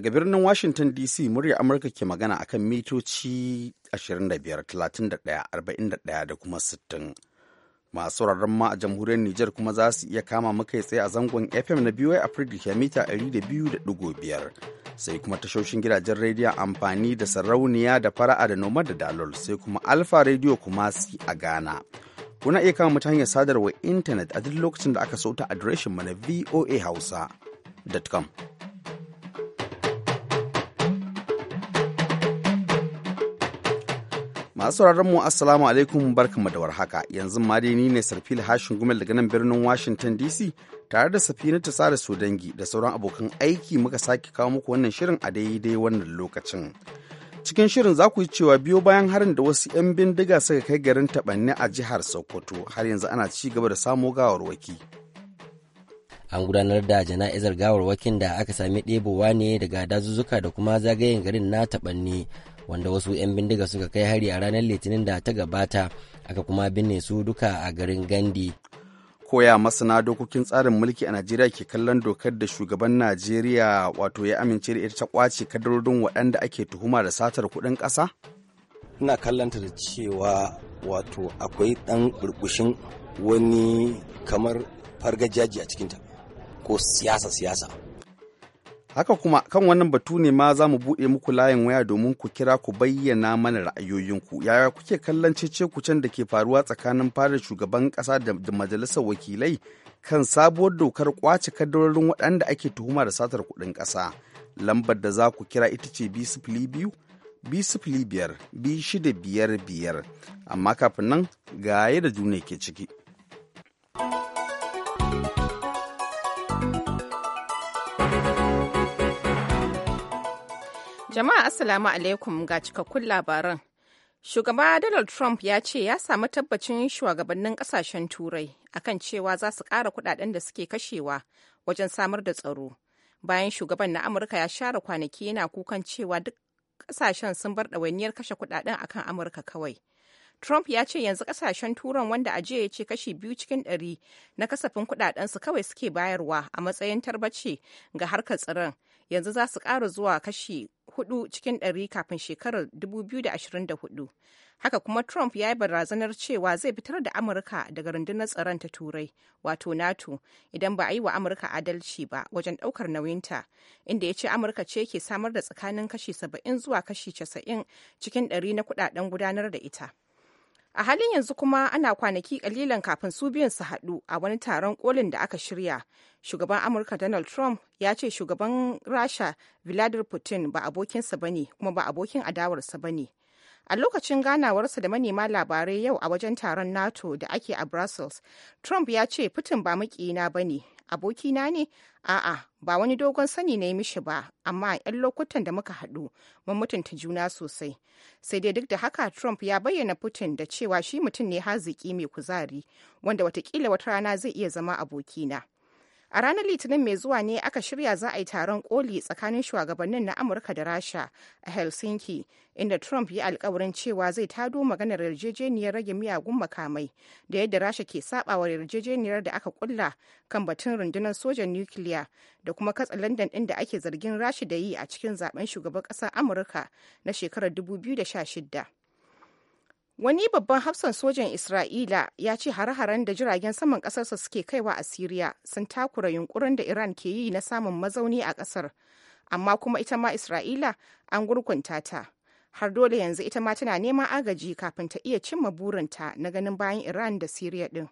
Daga birnin Washington DC murya Amurka ke magana a kan mitoci 25, 41 da kuma 60. Masu rarren ma a jamhuriyar Nijar kuma za su iya kama muka tsaye a zangon FM na BY Africa ke mita 200.5 sai kuma tashoshin gidajen rediyo amfani da sarauniya da fara'a da noma da dalol sai kuma Alfa Radio kuma si a Ghana. Kuna iya kama mutane hanyar sadarwar intanet a duk lokacin da aka sauta adireshin mana na voahausa.com. Masu mu Assalamu alaikum barkanmu da warhaka yanzu ma dai ni ne Sarfil Hashin Gumel daga nan birnin Washington DC tare da Safina su Sodangi da sauran abokan aiki muka sake kawo muku wannan shirin a daidai wannan lokacin. Cikin shirin za ku yi cewa biyo bayan harin da wasu 'yan bindiga suka kai garin taɓanne a jihar Sokoto har yanzu ana ci gaba da samo gawarwaki. An gudanar da jana'izar gawarwakin da aka sami ɗebowa ne daga dazuzzuka da kuma zagayen garin na taɓanne wanda wasu 'yan bindiga suka kai hari a ranar litinin da ta gabata aka kuma binne su duka a garin gandi koya masana dokokin tsarin mulki a najeriya ke kallon dokar da shugaban najeriya wato ya amince da ita ta kwace kadarorin waɗanda ake tuhuma da satar kuɗin ƙasa ina kallanta da cewa wato akwai ɗan burbushin wani kamar fargajaji a cikinta ko siyasa-siyasa Haka kuma kan wannan batu ne ma za mu buɗe muku layin waya domin ku kira ku bayyana mana ra'ayoyinku. Yaya kuke kallon cece-kucen da ke faruwa tsakanin fara shugaban ƙasa da majalisar wakilai kan sabuwar dokar kwace kadarorin waɗanda ake tuhuma da satar kuɗin ƙasa. Lambar da za ku kira ita ce b biyu biyar shida biyar biyar. Amma kafin nan ga da duniya ke ciki. Jama'a Assalamu alaikum ga cikakkun labaran. Shugaba Donald Trump ya ce ya samu tabbacin shugabannin kasashen Turai akan cewa za su ƙara kudaden da suke kashewa wajen samar da tsaro. Bayan shugaban na Amurka ya share kwanaki yana kukan cewa duk kasashen sun bar ɗawainiyar kashe kudaden akan Amurka kawai. Trump ya ce yanzu kasashen turan wanda a ya ce kashi biyu cikin ɗari na kasafin su kawai suke bayarwa a matsayin tarbace ga harkar tsaron yanzu za su ƙara zuwa kashi hudu cikin ɗari kafin shekarar 2024 haka kuma trump ya yi barazanar cewa zai fitar da amurka daga rundunar tsaron ta turai wato nato idan ba a yi wa amurka adalci ba wajen ɗaukar nauyinta inda ya ce amurka ce ke samar da tsakanin kashi 70 zuwa kashi 90 cikin ɗari na kudaden gudanar da ita a halin yanzu kuma ana kwanaki kalilan kafin su biyun su haɗu a wani taron kolin da aka shirya shugaban amurka donald trump ya ce shugaban rasha vladimir putin ba abokinsa ba ne kuma ba abokin adawarsa ba ne a lokacin ganawarsa da manema labarai yau a wajen taron nato da ake a brussels trump ya ce putin ba makina ba ne abokina ne a'a ba wani dogon sani na yi mishi ba amma 'yan lokutan da muka haɗu mun mutunta juna sosai sai dai duk da haka trump ya bayyana putin da cewa shi mutum ne haziki mai kuzari wanda watakila wata rana zai iya zama abokina A ranar Litinin mai zuwa ne aka shirya za a yi taron koli tsakanin shugabannin na Amurka da Rasha a Helsinki, inda Trump ya alkawarin cewa zai tado maganar yarjejeniyar rage miyagun makamai da yadda Rasha ke sabawa yarjejeniyar da aka kulla kan batun rundunar sojan nukiliya da kuma katsa London din da ake zargin Rasha da yi a cikin zaben shugaban ƙasar Amurka na shekarar 2016. Wani babban hafsan sojan Isra'ila ya ce har haren da jiragen saman ƙasarsa suke kaiwa a Siriya sun takura yunkurin da Iran ke yi na samun mazauni a ƙasar, amma kuma ita ma Isra'ila an gurkunta ta. Har dole yanzu ita ma tana neman agaji kafin ta iya cimma burinta na ganin bayan Iran da Siriya ɗin.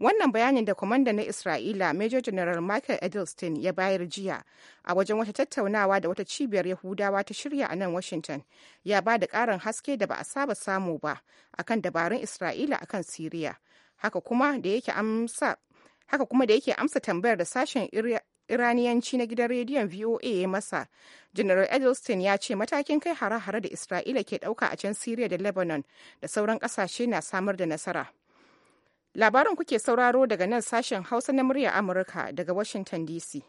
Wannan bayanin da kwamanda na Isra'ila Major General Michael Edelstein ya bayar jiya a wajen wata tattaunawa da wata cibiyar Yahudawa ta shirya a nan Washington ya ba da ƙarin haske da ba a saba samu ba akan dabarun Isra'ila akan Siriya. Haka kuma da yake amsa tambayar da sashen iraniyanci na gidan rediyon voa ya masa general edelstein ya ce matakin kai hare-hare da isra'ila ke dauka a can siriya da lebanon da sauran kasashe na samar da nasara Labarin kuke sauraro daga nan sashen Hausa na murya Amurka daga Washington DC.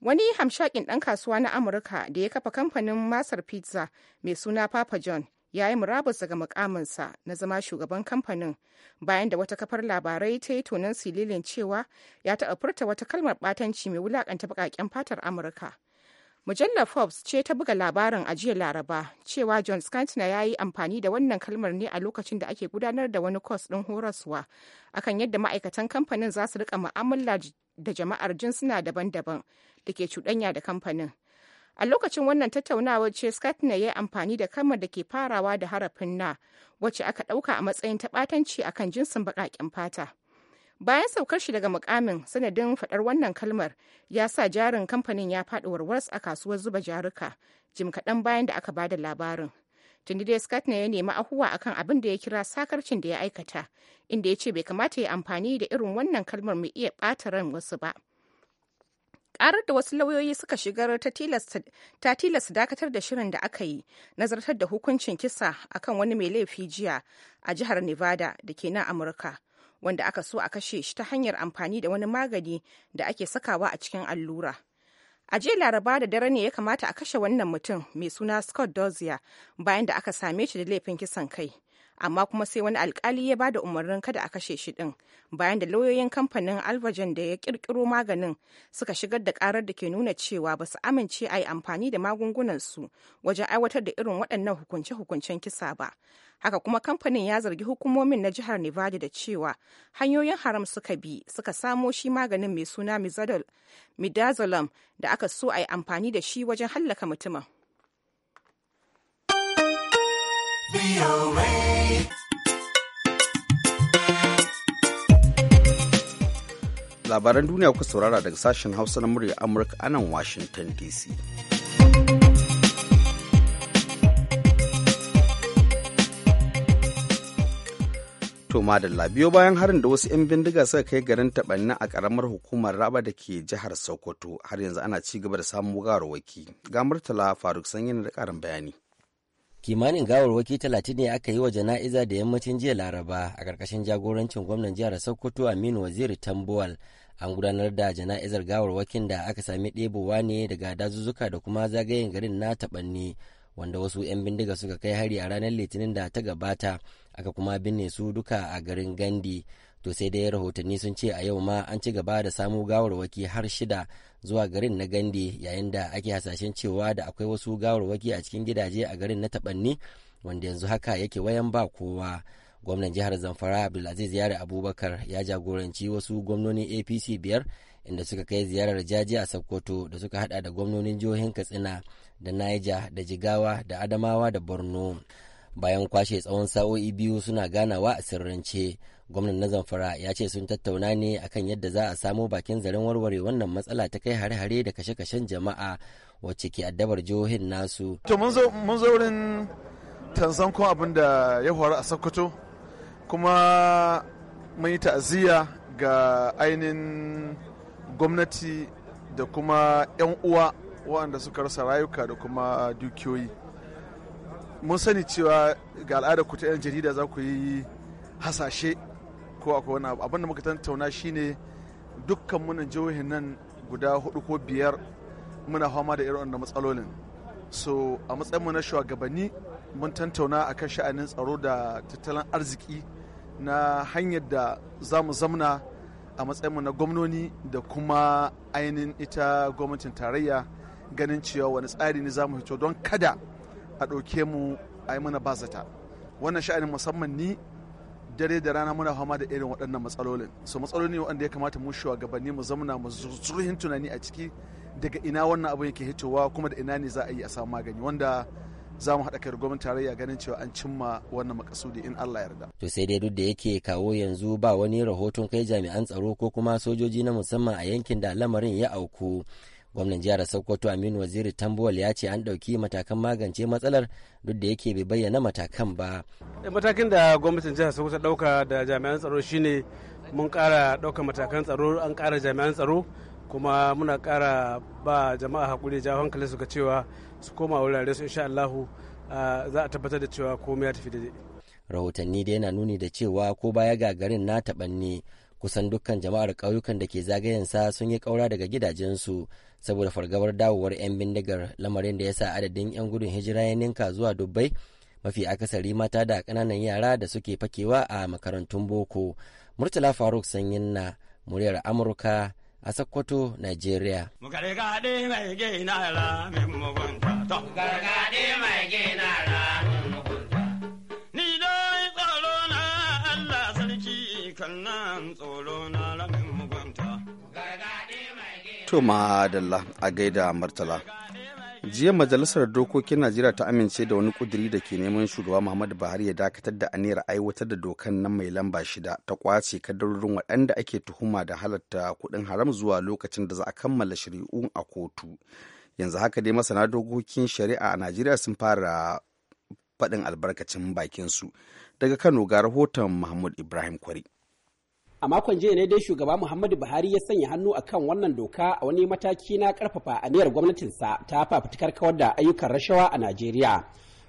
Wani hamshakin ɗan kasuwa na Amurka da ya kafa kamfanin Masar Pizza mai suna Papa John ya yi murabus daga mukaminsa na zama shugaban kamfanin bayan da wata kafar labarai ta yi tonon sililin cewa ya taɓa furta wata kalmar ɓatanci mai wulaƙanta baƙaƙen fatar Amurka. Mujallar Forbes ce ta buga labarin a jiya Laraba cewa John Scantner ya yi amfani da wannan kalmar ne a lokacin da ake gudanar da wani kwas ɗin horaswa akan yadda ma'aikatan kamfanin za su rika mu'amala da jama'ar jinsuna daban-daban da ke cuɗanya da kamfanin. A lokacin wannan tattaunawar ce Scantner ya yi amfani da kalmar da ke farawa da harafin na wacce aka ɗauka a matsayin taɓatanci akan jinsin baƙaƙen fata. bayan saukar shi daga mukamin sanadin faɗar wannan kalmar ya sa jarin kamfanin ya faɗi warwars a kasuwar zuba jaruka jim kaɗan bayan da aka bada labarin tuni dai scott ne ya nemi ahuwa akan abin da ya kira sakarcin da ya aikata inda ya ce bai kamata ya amfani da irin wannan kalmar mai iya ɓata ran wasu ba karar da wasu lauyoyi suka shigar ta tilasta dakatar da shirin da aka yi nazartar da hukuncin kisa akan wani mai laifi jiya a jihar nevada da ke nan amurka wanda aka so a kashe shi ta hanyar amfani da wani magani da ake sakawa a cikin allura. A jiya laraba da dare ne ya kamata a kashe wannan mutum mai suna Scott Dozier bayan da aka same shi da laifin kisan kai. amma kuma sai wani alkali ya bada umarnin kada a kashe shi din bayan da lauyoyin kamfanin alvagen da ya kirkiro maganin suka shigar da karar da ke nuna cewa ba su amince a yi amfani da magungunan su wajen aiwatar da irin waɗannan hukunce-hukuncen kisa ba haka kuma kamfanin ya zargi hukumomin na jihar nevada da cewa hanyoyin haram suka bi suka samo shi maganin mai suna midazolam da aka so a yi amfani da shi wajen hallaka mutumin. Labaran duniya kuka saurara daga sashen Hausa na murya Amurka anan nan Washington DC. to madalla biyo bayan harin da wasu 'yan bindiga suka kai garin taɓanni a ƙaramar hukumar raba da ke jihar sokoto har yanzu ana ci gaba da samun gawarwaki ga murtala faruk sanyi da ƙarin bayani kimanin gawarwaki talatin ne aka yi wa jana'iza da yammacin jiya laraba a ƙarƙashin jagorancin gwamnan jihar sokoto aminu waziri tambuwal an gudanar da jana'izar gawarwakin da aka sami ɗebowa ne daga dazuzzuka da kuma zagayen garin na taɓanni wanda wasu 'yan bindiga suka kai hari a ranar litinin da ta gabata aka kuma binne su duka a garin gandi to sai dai rahotanni sun ce a yau ma an ci gaba da samu gawarwaki har shida zuwa garin na gande yayin da ake hasashen cewa da akwai wasu gawarwaki a cikin gidaje a garin na taɓanni wanda yanzu haka yake wayan ba kowa gwamnan jihar zamfara abdulaziz yare abubakar ya jagoranci wasu gwamnonin apc biyar inda suka kai ziyarar jaji a sokoto da suka hada da gwamnonin jihohin katsina da naija da jigawa da adamawa da borno bayan kwashe tsawon sa'o'i biyu suna ganawa a sirrance gwamnan na zamfara ya ce sun tattauna ne akan yadda za a samo bakin zaren warware wannan matsala ta kai hare-hare da kashe-kashen jama'a wacce ke addabar jihohin nasu to mun zo wurin tanzan kuma abin da ya faru a sokoto kuma mun yi ta'aziyya ga ainihin gwamnati da kuma 'yan uwa waɗanda suka rasa rayuka da kuma dukiyoyi mun sani cewa ga al'ada ku ta 'yan jarida za ku yi hasashe ko akwai wani abin da muka tattauna shine dukkan munan jihohin nan guda hudu ko biyar muna fama da irin wannan matsalolin so a matsayin mu na shugabanni mun tantauna akan sha'anin tsaro da tattalin arziki na hanyar da za mu zamna a matsayin mu na gwamnoni da kuma ainihin ita gwamnatin tarayya ganin cewa wani tsari ne za mu fito don kada a ɗauke mu a yi mana bazata wannan sha'anin musamman ni dare da rana muna fama da irin waɗannan matsalolin su matsaloli ne waɗanda ya kamata mu gabanni mu zamuna mu zurhin tunani a ciki daga ina wannan abin yake hitowa kuma da ina ne za a yi a samu magani wanda za mu haɗa kai gwamnatin tarayya ganin cewa an cimma wannan makasudi in Allah yarda. To sai dai duk da yake kawo yanzu ba wani rahoton kai jami'an tsaro ko kuma sojoji na musamman a yankin da lamarin ya auku. gwamnan jihar sokoto aminu waziri tambuwal ya ce an ɗauki matakan magance matsalar duk da yake bai bayyana matakan ba eh, matakin da gwamnatin jihar sokoto ɗauka da jami'an tsaro shine mun ƙara ɗaukar matakan tsaro an ƙara jami'an tsaro kuma muna ƙara ba jama'a hakuri jawo hankali suka cewa su koma wurare su insha Allahu za a tabbatar da cewa komai ya tafi daidai rahotanni dai yana nuni da cewa ko baya ga garin na taɓanni kusan dukkan jama'ar ƙauyukan da ke sa sun yi ƙaura daga gidajensu saboda fargabar dawowar 'yan bindigar lamarin da ya sa adadin 'yan gudun hijira ya ninka zuwa dubbai mafi akasari mata da ƙananan yara da suke fakewa a makarantun boko murtala faruk sanyin na muryar amurka a Sokoto, Nigeria. Gargaɗe mai gina ra, mai mugunta. Gargaɗe mai gina ra. To a gaida martala. Jiya Majalisar Dokokin Najeriya ta amince da wani kuduri da ke neman shugaba Muhammadu Buhari ya dakatar da aniyar aiwatar da dokan na mai lamba shida ta kwace kadarorin waɗanda ake tuhuma da halatta kuɗin haram zuwa lokacin da za a kammala shari'u a kotu. Yanzu haka dai masana dokokin shari'a a Najeriya sun fara faɗin albarkacin bakinsu. Daga Kano ga rahoton Mahmud Ibrahim Kwari. a makon jiya ne dai shugaba muhammadu buhari ya sanya hannu a kan wannan doka a wani mataki na karfafa aniyar gwamnatinsa ta fafutukar kawar da ayyukan rashawa a najeriya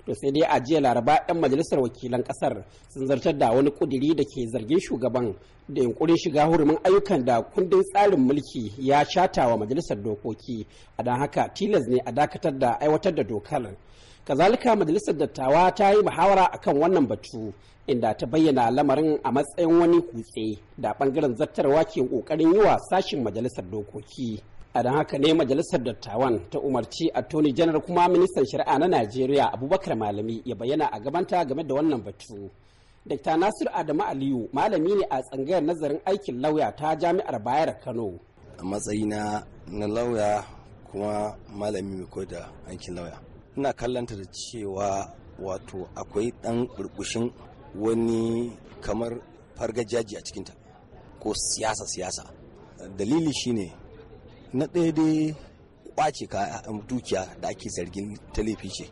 to sai dai a jiya laraba 'yan majalisar wakilan kasar sun zartar da wani kuduri da ke zargin shugaban da yunkurin shiga hurumin ayyukan da kundin tsarin mulki ya shata wa majalisar dokoki a don haka tilas ne a dakatar da aiwatar da dokar kazalika majalisar dattawa ta yi muhawara akan wannan batu inda ta bayyana lamarin a matsayin wani kutse da bangaren zattarwa ke kokarin yi wa sashin majalisar dokoki a don haka ne majalisar dattawan ta umarci attorney general kuma ministan shari'a na najeriya abubakar malami ya bayyana a gabanta game da wannan batu dr Nasiru adamu aliyu malami ne a tsangayar nazarin aikin lauya ta jami'ar bayar kano a matsayina na lauya kuma malami mai koda aikin lauya ina kallanta da cewa wato akwai ɗan burbushin wani kamar fargajaji a cikinta ko siyasa-siyasa dalili shine na ɗaya dai kwace um, dukiya da ake zargin ta ce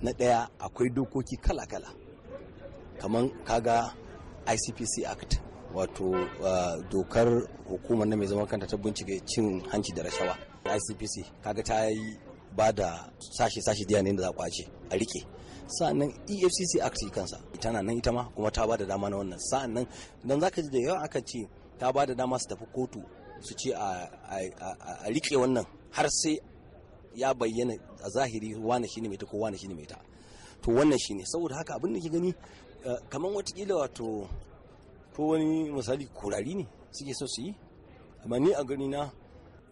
na ɗaya akwai dokoki kala-kala kamar kaga icpc act wato uh, dokar hukumar na mai zama kanta ta bincike cin hanci da rashawa icpc kaga ta yi ba da sashi-sashi da da za a kwace a rike sa'annan efcc act kansa ita na nan ita ma kuma ta ba da dama na wannan sa'annan don za ka ji da yawan aka ce ta ba da dama su tafi kotu su ce a rike wannan har sai ya bayyana a zahiri wane shine mai ta ko wane shine mai ta to wannan shine saboda haka abin da ke gani eh, kamar watakila wato ko wani misali kurari ne suke so su yi amma ni a gani na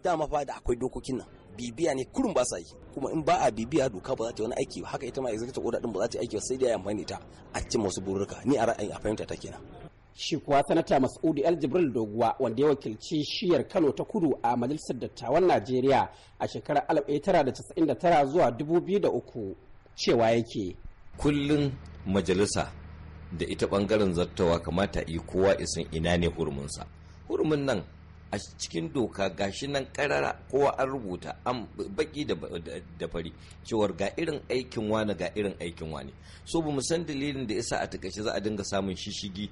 dama fa da akwai dokokin nan bibiya ne kurun ba sa yi kuma in ba a bibiya doka ba za ta yi wani aiki ba haka ita ma executive order din ba za ta yi aiki sai dai ya amfani ta a cikin wasu bururuka ni a ra'ayin a fahimta ta kenan shi kuwa sanata el-jibril doguwa wanda ya wakilci shiyar kano ta kudu a majalisar dattawan najeriya a shekarar 1999 zuwa 2003 cewa yake kullum majalisa da ita bangaren zartawa kamata yi kowa isin ina ne hurumunsa hurumin nan a cikin doka gashi nan karara kowa an rubuta an baki da fari cewa ga irin aikin wani ga irin aikin wani so ba mu san dalilin da yasa a takaice za a dinga samun shishigi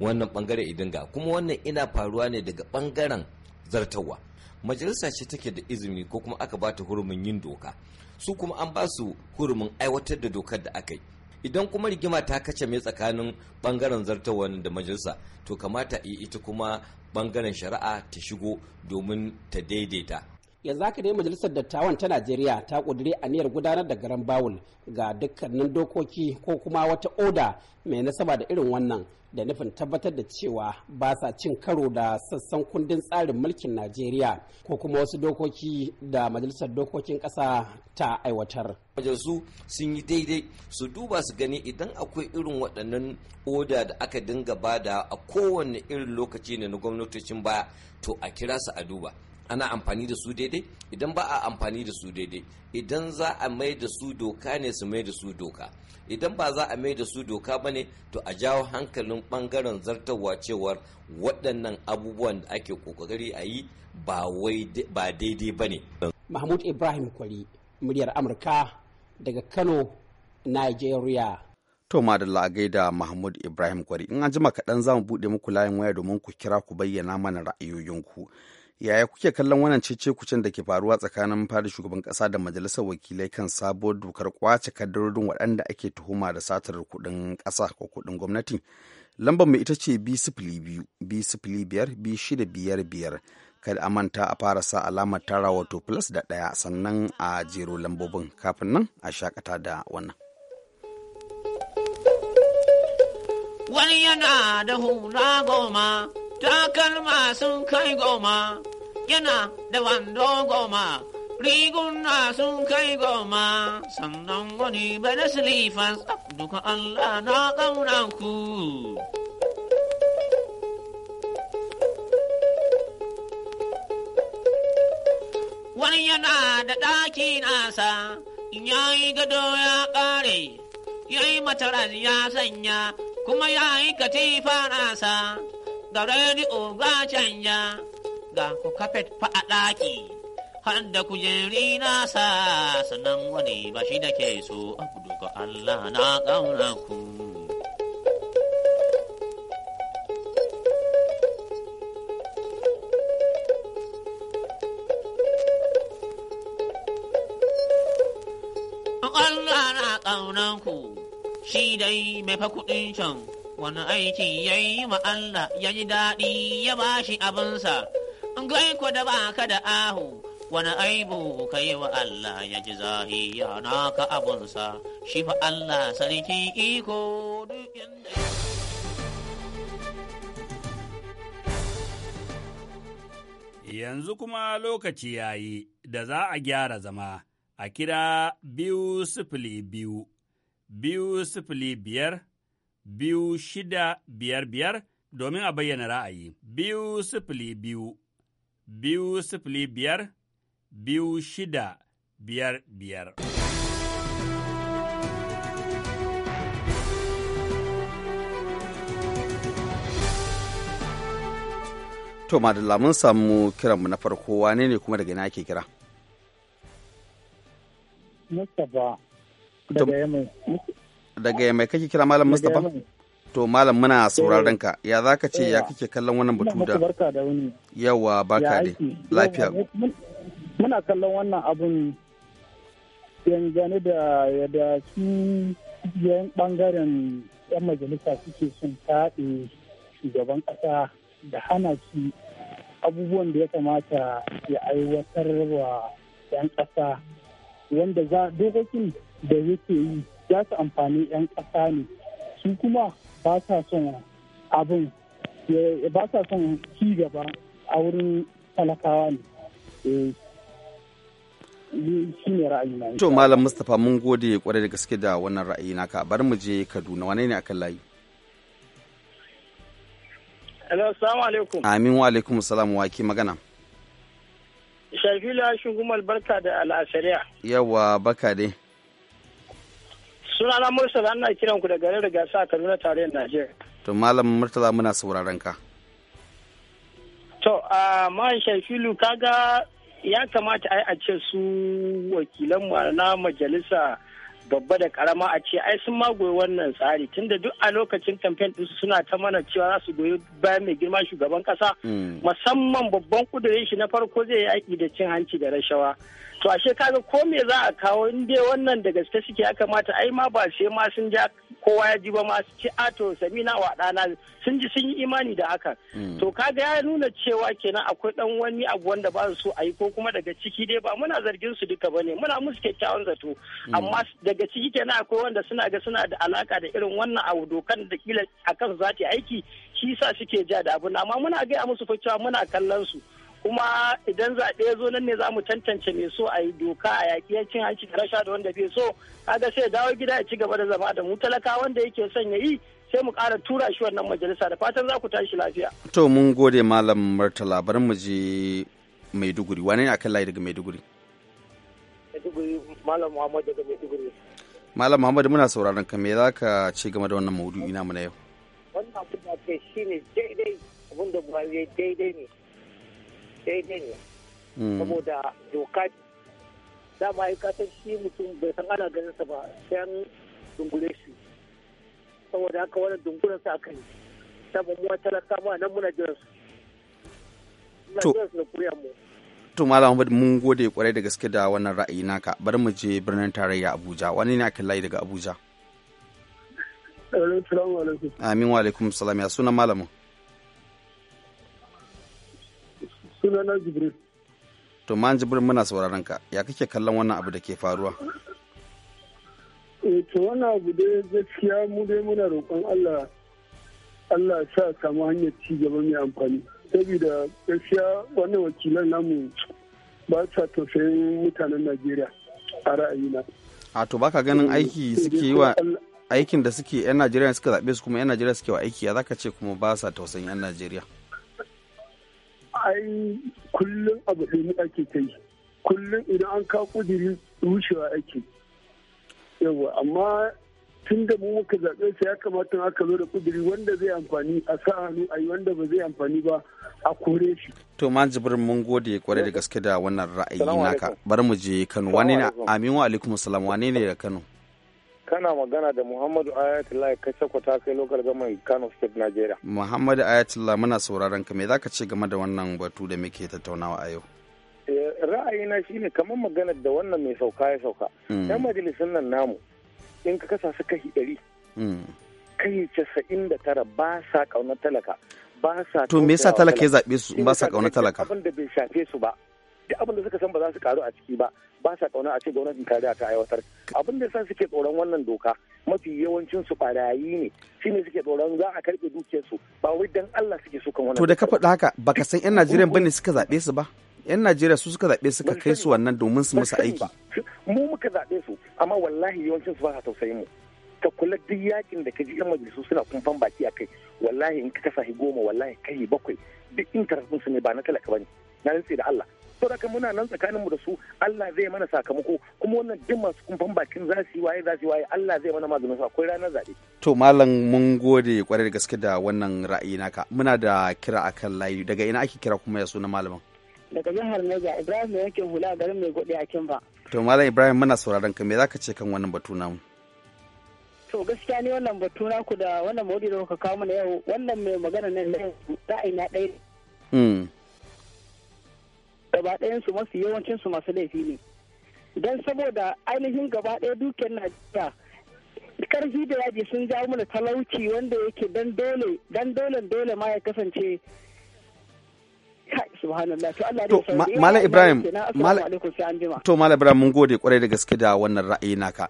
wannan bangare idan ga kuma wannan ina faruwa ne daga bangaren zartawa majalisa ce take da izini ko kuma aka bata hurumin yin doka su kuma an ba su hurumin aiwatar da dokar da aka yi idan kuma rigima ta kace mai tsakanin bangaren zartawan da majalisa to kamata ita kuma bangaren shari'a ta shigo domin ta daidaita yanzu haka dai majalisar dattawan ta najeriya ta ƙudiri aniyar gudanar da garan bawul ga dukkanin dokoki ko kuma wata oda mai nasaba da irin wannan da nufin tabbatar da cewa ba sa cin karo da sassan kundin tsarin mulkin najeriya ko kuma wasu dokoki da majalisar dokokin ƙasa ta aiwatar majalisu sun yi daidai su duba su gani idan akwai irin waɗannan oda da aka dinga bada a kowane irin lokaci ne na gwamnatocin baya to a kira su a duba ana amfani da su daidai idan ba a amfani da su daidai idan za a mai da su doka ne su mai da su doka idan ba za a mai da su doka ba ne to a jawo hankalin bangaren zartarwa cewar waɗannan abubuwan da ake kokari a yi ba daidai ba ne mahmud ibrahim kwari muryar amurka daga kano nigeria To madalla a gaida Mahmud Ibrahim Kwari in an jima kaɗan za mu buɗe muku layin waya domin ku kira ku bayyana mana ra'ayoyinku. yaya kuke kallon wannan cece kucen da ke faruwa tsakanin fada shugaban kasa da majalisar wakilai kan sabuwar dokar kwace kadarorin waɗanda ake tuhuma da satar kuɗin kasa ko kuɗin gwamnati lambar mai ita ce b sifili biyu biyar kada a manta a fara sa alamar tara wato plus da ɗaya sannan a jero lambobin kafin nan a shakata da wannan wani yana da hula goma takalma sun kai goma yana da wando goma riguna sun kai goma sannan wani bada silifas duka Allah na ƙauna ku. Wani yana da ɗaki nasa ya yi gado ya ƙare ya yi matarar ya sanya kuma ya yi katifa nasa. ga rediyo ga canja ga ku kafet fa a ɗaki hadda kujeri na sa sanan wani ba shi da ke so a ga Allah na ƙauna ku. Allah na ƙaunanku shi dai mai fa kuɗin can wani aiki ya yi ma Allah ya ji daɗi ya ba shi abinsa, gai ku da ba ka da ahu, wani aibu ka yi wa Allah ya ji zahi ya naka abinsa, shi fa Allah sarki iko duk Yanzu kuma lokaci ya yi da za a gyara zama a kira biyu sifili biyu, biyu sifili biyar biyu shida biyar biyar domin a bayyana ra'ayi. Biyu sifili biyu, biyu sifili biyar, biyu shida biyar biyar. To madalla mun samu kiranmu na farko wane ne kuma daga ina ake kira? Mustapha daga yamma. daga mai kake kira malam mustapha to malam muna eh, sauraron ka ya za ka ce ya kake kallon wannan batu da yawa baka dai lafiya muna kallon wannan abun dangane da yadda su yan bangaren yan majalisa suke sun taɗe shugaban ƙasa da hana shi abubuwan da ya kamata ya aiwatar wa yan ƙasa wanda za dokokin da yake yi za su amfani 'yan ƙasa ne su kuma ba sa son abin eh, ba sa son ci gaba a wurin talakawa ne eh, shi ne to malam mustapha mun gode kwarai da gaske da wannan ra'ayi naka bari mu je kaduna wane ne akan layi Hello, assalamu alaikum. Amin wa alaikum salam wa ke magana. Shafilu la shugumal barka da al'asariya. Yawa baka dai. sunana murtala ana kiran ku da garin rigasa a kaduna tarayyar najeriya to malam murtala muna sauraron ka to a man shafilu kaga ya kamata ai a ce su wakilan na majalisa babba da karama a ce ai sun magoyi wannan tsari tunda duk a lokacin kamfen din suna ta mana cewa za su goyi bayan mai girma shugaban kasa mm. musamman babban kudurin shi na farko zai yi aiki da cin hanci da rashawa to ashe kaga ko me za a kawo in dai wannan da gaske suke ya kamata ai ma ba sai ma sun ja kowa ya ji ba ma su ci ato samina wa ɗana sun ji sun yi imani da haka hmm. to kaga ya nuna cewa kenan akwai dan wani abu wanda ba su a yi ko kuma daga ciki dai ba muna zargin su duka bane muna musu kyakkyawan zato hmm. amma daga ciki kenan akwai wanda suna ga suna da alaka da irin wannan abu dokan da kila akan za ta aiki shi sa suke ja da abu amma muna gaya musu fa cewa muna kallon su kuma idan zaɓe ya zo nan ne za mu tantance mai so a yi doka a yaƙi cin hanci da rasha da wanda bai so kaga sai dawo gida ya ci gaba da zama da mu talaka wanda yake son ya yi sai mu ƙara tura shi wannan majalisa da fatan za ku tashi lafiya. to mun gode malam martala bari mu je maiduguri wani ne akan layi daga maiduguri. maiduguri malam muhammad daga maiduguri. malam muhammad muna sauraron ka me za ka ce game da wannan maudu'i mu na yau. wannan abin da ke ne daidai abinda da ya daidai ne. daidai ne mm. saboda doka dama ya kasar shi mutum bai san ana ganin sa ba sai an dungule shi saboda haka wani dungulen sa aka yi saboda mu talaka ma nan muna jiran su muna jiran su da to malam Ahmad mun gode kwarai da gaske da wannan ra'ayi naka bari mu je birnin tarayya Abuja wani ne aka layi daga Abuja Amin wa alaikum salam ya sunan malamin sunana Jibril. To man Jibril muna sauraron ka. Ya kake kallon wannan abu da ke faruwa? e to wannan abu dai gaskiya mu dai muna roƙon Allah Allah sa samu hanyar ci gaba mai amfani. Saboda gaskiya wannan wakilan namu ba sa tausayin mutanen Najeriya a ra'ayina. A to baka ganin eh, aiki suke yi wa aikin da suke 'yan Najeriya suka zaɓe su kuma 'yan Najeriya suke wa aiki ya zaka ce kuma ba sa tausayin 'yan Najeriya. ai kullum abu ɗaya ake kai kullum idan an ka kudiri rushewa ake yawa amma tun da mu muka zaɓe sa ya kamata aka zo da kudiri wanda zai amfani a sa hannu a yi wanda ba zai amfani ba a kore shi. to man jibrin mun gode kwarai da gaske da wannan ra'ayi naka bari mu je kano wane ne aminu alaikum salam wani ne da kano. kana magana da Muhammadu Ayatollah Kashako ta kai lokal gaman Kano State Nigeria. Muhammadu Ayatollah muna sauraron ka me zaka ce game da wannan batu da muke tattaunawa a yau? Eh, ra'ayina shine kamar maganar da wannan mai sauka ya sauka. Mm. Yan majalisun nan namu in ka kasa su kashi ɗari. Mm. Kai casa'in da tara ba sa ƙaunar talaka. Ba sa to me yasa talaka ya zaɓe su ba sa ƙaunar talaka? Abin da bai shafe su ba. duk abin da suka san ba za su karu a ciki ba ba sa kauna a ce gwamnatin kariya ta aiwatar abin da sa suke tsoron wannan doka mafi yawancin su barayi ne shine suke tsoron za a karbe dukiyar su ba wai dan Allah suke so kan wannan to da ka faɗa haka baka san yan Najeriya bane suka zabe su ba yan Najeriya su suka zabe suka kai su wannan domin su musu aiki mu muka zabe su amma wallahi yawancin su ba sa tausayin mu ka kula duk yakin da ka ji yan majalisu suna kumfan baki a kai wallahi in ka kasa goma wallahi kai bakwai duk interest su ne ba na talaka bane na rantsi da Allah saboda muna nan tsakaninmu da su Allah zai mana sakamako kuma wannan duk masu kumfan bakin za su yi waye za su yi waye Allah zai mana maganin su akwai ranar zaɓe. To malam mun gode kwarai da gaske da wannan ra'ayi naka muna da kira akan layi daga ina ake kira kuma ya suna malamin. Daga jihar Niger Ibrahim yake hula garin mai gode a Kimba. To malam Ibrahim muna sauraron ka me zaka ce kan wannan batu namu? to gaskiya ne wannan batu ku da wannan maudu da kuka kawo mana yau wannan mai magana nan ra'ayi na ɗaya. gaba masu yawancin su masu laifi ne don saboda ainihin gaba ɗaya dukiyar najeriya karfi da yaji sun jawo mana talauci wanda yake dan dole dan dole dole ma ya kasance to mala ibrahim to mala ibrahim mun gode kwarai da gaske da wannan ra'ayi naka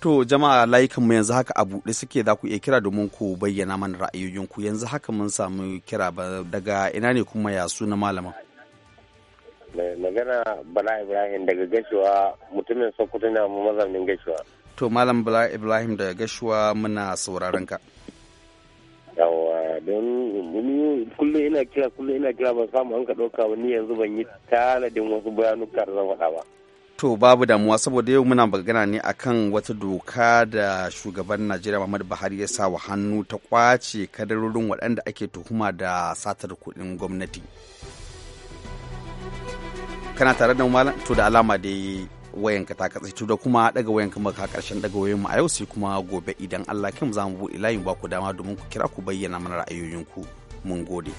to jama'a layukanmu yanzu haka a buɗe suke za ku iya kira domin ku bayyana mana ra'ayoyinku yanzu haka mun samu kira daga ina ne kuma ya suna malamin mai magana bala ibrahim daga gashuwa mutumin sokoto na mazaunin gashuwa to malam bala ibrahim daga gashuwa muna sauraron ka yawa don kullum ina kira kullum ina kira ban samu an ka ɗauka wani yanzu ban yi tanadin wasu bayanuka da zan faɗa ba to babu damuwa saboda yau muna magana ne akan wata doka da shugaban najeriya muhammadu buhari ya sa wa hannu ta kwace kadarorin waɗanda ake tuhuma da satar kuɗin gwamnati. kana tare da malam to da alama da wayanka ta katse to da kuma daga wayanka maka karshen daga wayoyin mu a yau sai kuma gobe idan Allah kin za mu buɗe layin ba ku dama domin ku kira ku bayyana mana ra'ayoyinku mun gode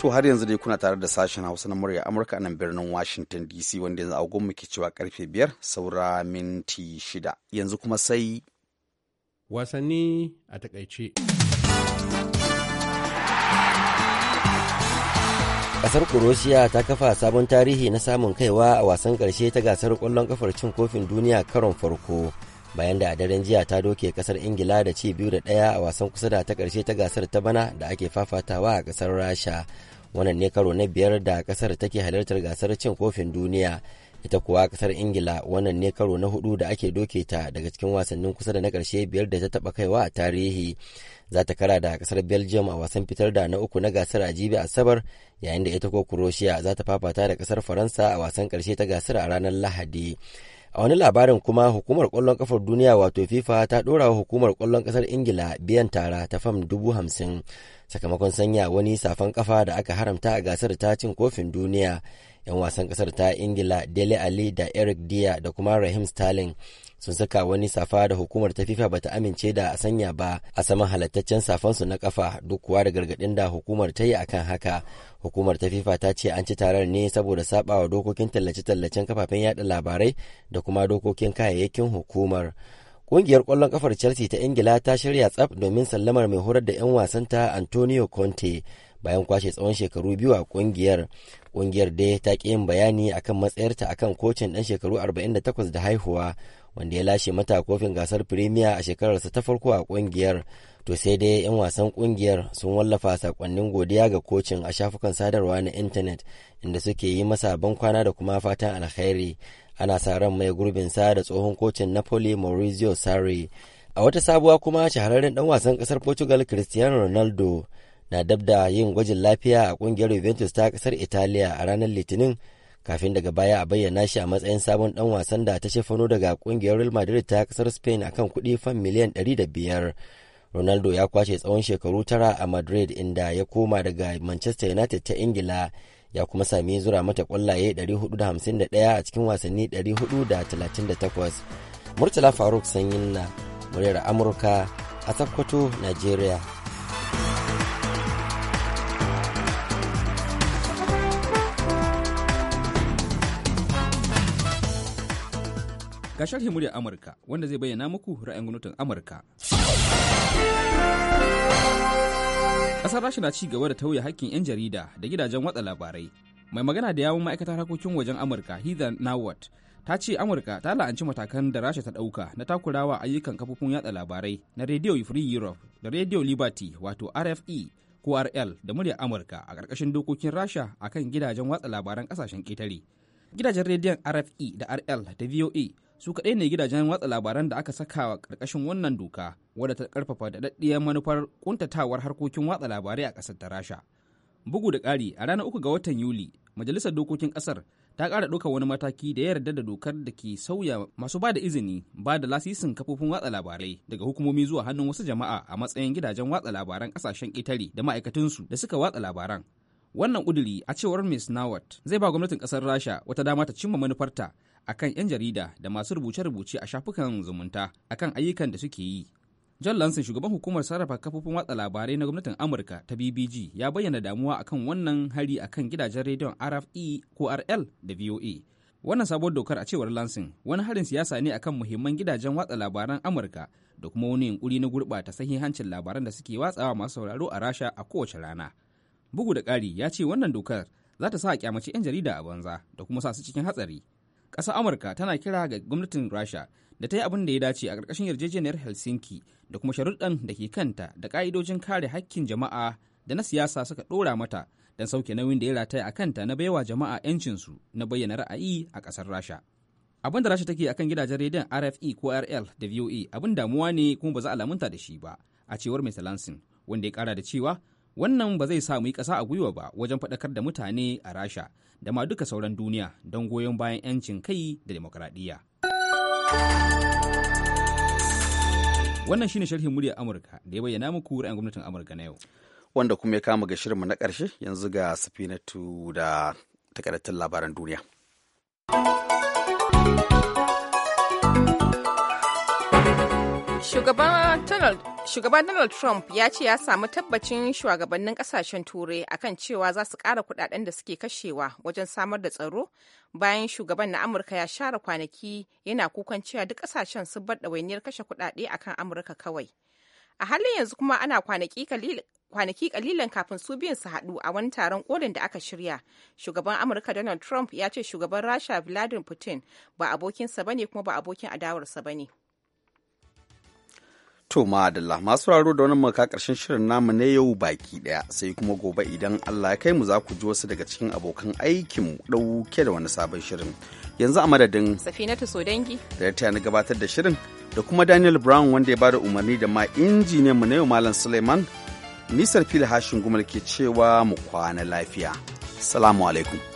To har yanzu dai kuna tare da sashen Hausa na murya Amurka a nan birnin Washington DC wanda yanzu agogon muke cewa karfe biyar saura minti shida yanzu kuma sai wasanni a takaice. Kasar Kuroshiya ta kafa sabon tarihi na samun kaiwa a wasan ƙarshe ta gasar ƙwallon kafar cin kofin duniya karon farko bayan da a daren jiya ta doke kasar Ingila da ci biyu da ɗaya a wasan kusa da ta ƙarshe ta gasar ta bana da ake fafatawa a ƙasar Rasha. Wannan ne karo na biyar da ƙasar take halartar gasar cin kofin duniya. ita kuwa kasar ingila wannan ne karo na hudu da ake doke ta daga cikin wasannin kusa da na karshe biyar da ta taba kaiwa a tarihi za ta kara da kasar belgium a wasan fitar da na uku na gasar a jibi asabar yayin da ita ko croatia za ta fafata da kasar faransa a wasan karshe ta gasar a ranar lahadi a wani labarin kuma hukumar kwallon kafar duniya wato fifa ta dorawa hukumar kwallon kasar ingila biyan tara ta fam dubu hamsin sakamakon sanya wani safan kafa da aka haramta a gasar ta cin kofin duniya 'yan wasan kasar ta ingila dele ali da eric dia da kuma rahim sterling sun saka wani safa da hukumar ta fifa bata amince da a sanya ba a saman halattaccen safansu na kafa duk kuwa da gargadin da hukumar ta yi akan haka hukumar ta fifa ta ce an ci tarar ne saboda sabawa dokokin tallace-tallacen kafafen yada labarai da kuma dokokin kayayyakin hukumar Ƙungiyar ƙwallon kafar Chelsea ta Ingila ta shirya tsaf domin sallamar mai horar da 'yan wasanta Antonio Conte bayan kwashe tsawon shekaru biyu a kungiyar kungiyar dai ta ki yin bayani akan matsayarta akan kocin dan shekaru 48 da haihuwa wanda ya lashe mata kofin gasar firimiya a shekararsa ta farko a kungiyar to sai dai 'yan wasan kungiyar sun wallafa sakonnin godiya ga kocin a shafukan sadarwa na intanet inda suke yi masa ban kwana da kuma fatan alkhairi ana sa ran mai gurbin sa da tsohon kocin napoli maurizio sarri a wata sabuwa kuma shahararren dan wasan kasar portugal cristiano ronaldo na dab da yin gwajin lafiya a ƙungiyar Juventus ta kasar Italiya a ranar Litinin kafin daga baya a bayyana shi a matsayin sabon dan wasan da ta shefano daga ƙungiyar Real Madrid ta kasar Spain akan kuɗi fan miliyan 105. Ronaldo ya kwashe tsawon shekaru tara a Madrid inda ya koma daga Manchester United ta Ingila ya kuma sami zura mata kwallaye 451 a cikin wasanni 438. Murtala Faruk Sanyin na muryar Amurka a Sokoto, Najeriya. Ga sharhin muryar Amurka wanda zai bayyana muku ra'ayin gwamnatin Amurka. Ƙasar Rasha na ci gaba da tauye hakkin 'yan jarida da gidajen watsa labarai. Mai magana da yawun ma'aikatar harkokin wajen Amurka Heather Nawat ta ce amurka ta la'anci matakan da rasha ta ɗauka na takurawa ayyukan kafofin yatsa labarai na radio free europe da radio liberty wato rfe ko rl da muryar amurka a ƙarƙashin dokokin rasha a kan gidajen watsa labaran ƙasashen ƙetare gidajen rediyon rfe da rl da voa su kaɗai ne gidajen watsa labaran da aka saka wa ƙarƙashin wannan doka wadda ta ƙarfafa daɗaɗɗiyar manufar ƙuntatawar harkokin watsa labarai a ƙasar ta rasha bugu da ƙari a ranar uku ga watan yuli majalisar dokokin ƙasar ta ƙara ɗaukar wani mataki da ya yarda da dokar da ke sauya masu ba da izini ba da lasisin kafofin watsa labarai daga hukumomi zuwa hannun wasu jama'a a matsayin gidajen watsa labaran ƙasashen itali da ma'aikatansu da suka watsa labaran wannan ƙuduri a cewar Miss nawat zai ba gwamnatin ƙasar rasha wata dama ta cimma manufarta akan 'yan jarida da masu rubuce-rubuce a shafukan zumunta akan ayyukan da suke yi. John Lanson shugaban hukumar sarrafa kafofin watsa labarai na gwamnatin Amurka ta BBG ya bayyana damuwa akan wannan hari akan gidajen rediyon RFE ko RL da VOA. Wannan sabon dokar a cewar lansin wani harin siyasa ne akan muhimman gidajen watsa labaran Amurka da kuma wani yunkuri na gurɓata sahihancin labaran da suke watsawa masu sauraro a Rasha a kowace rana. Bugu da ƙari ya ce wannan dokar za ta sa a kyamaci 'yan jarida a banza da kuma sa su cikin hatsari. ƙasar amurka tana kira ga gwamnatin rasha da ta yi abin da ya dace a ƙarƙashin yarjejeniyar helsinki da kuma sharuɗɗan da ke kanta da ƙa'idojin kare haƙƙin jama'a da na siyasa suka ɗora mata don sauke nauyin da ya rataya a kanta na baiwa jama'a 'yancinsu na bayyana ra'ayi a ƙasar rasha abin da rasha take akan gidajen rediyon rfe ko rl da voa abin damuwa ne kuma ba za a lamunta da shi ba a cewar mr lansin wanda ya kara da cewa wannan ba zai sa mu yi ƙasa a gwiwa ba wajen faɗakar da mutane a rasha da ma duka sauran duniya don goyon bayan 'yancin kai da demokradiyya. wannan shine sharhin muryar amurka da ya bayyana muku ra'ayin gwamnatin amurka na yau wanda kuma ya kama ga shirinmu na ƙarshe yanzu ga safinatu da takardattun labaran duniya. Shugaban Donald Trump ya ce ya samu tabbacin shugabannin kasashen turai akan cewa za su ƙara kudaden da suke kashewa wajen samar da tsaro bayan shugaban na Amurka ya share kwanaki yana kukan cewa duk kasashen sun bar ɗawainiyar kashe kudade akan Amurka kawai. A halin yanzu kuma ana kwanaki kalilan kafin su biyan su haɗu a wani taron kolin da aka shirya shugaban amurka donald trump ya ce shugaban rasha vladimir putin ba abokinsa bane kuma ba abokin adawarsa bane. To ma'adalla masu raro da wannan maka karshen shirin namu ne yau baki daya sai kuma gobe idan Allah ya kai mu za ku ji wasu daga cikin abokan aikinmu ɗauke da wani sabon shirin. Yanzu a madadin Safinatu Sodangi da ya na gabatar da shirin da kuma Daniel Brown wanda ya bada umarni da ma injiniyan mu na yau Malam Suleiman Nisar Fili Hashin Gumal ke cewa mu kwana lafiya. Assalamu alaikum.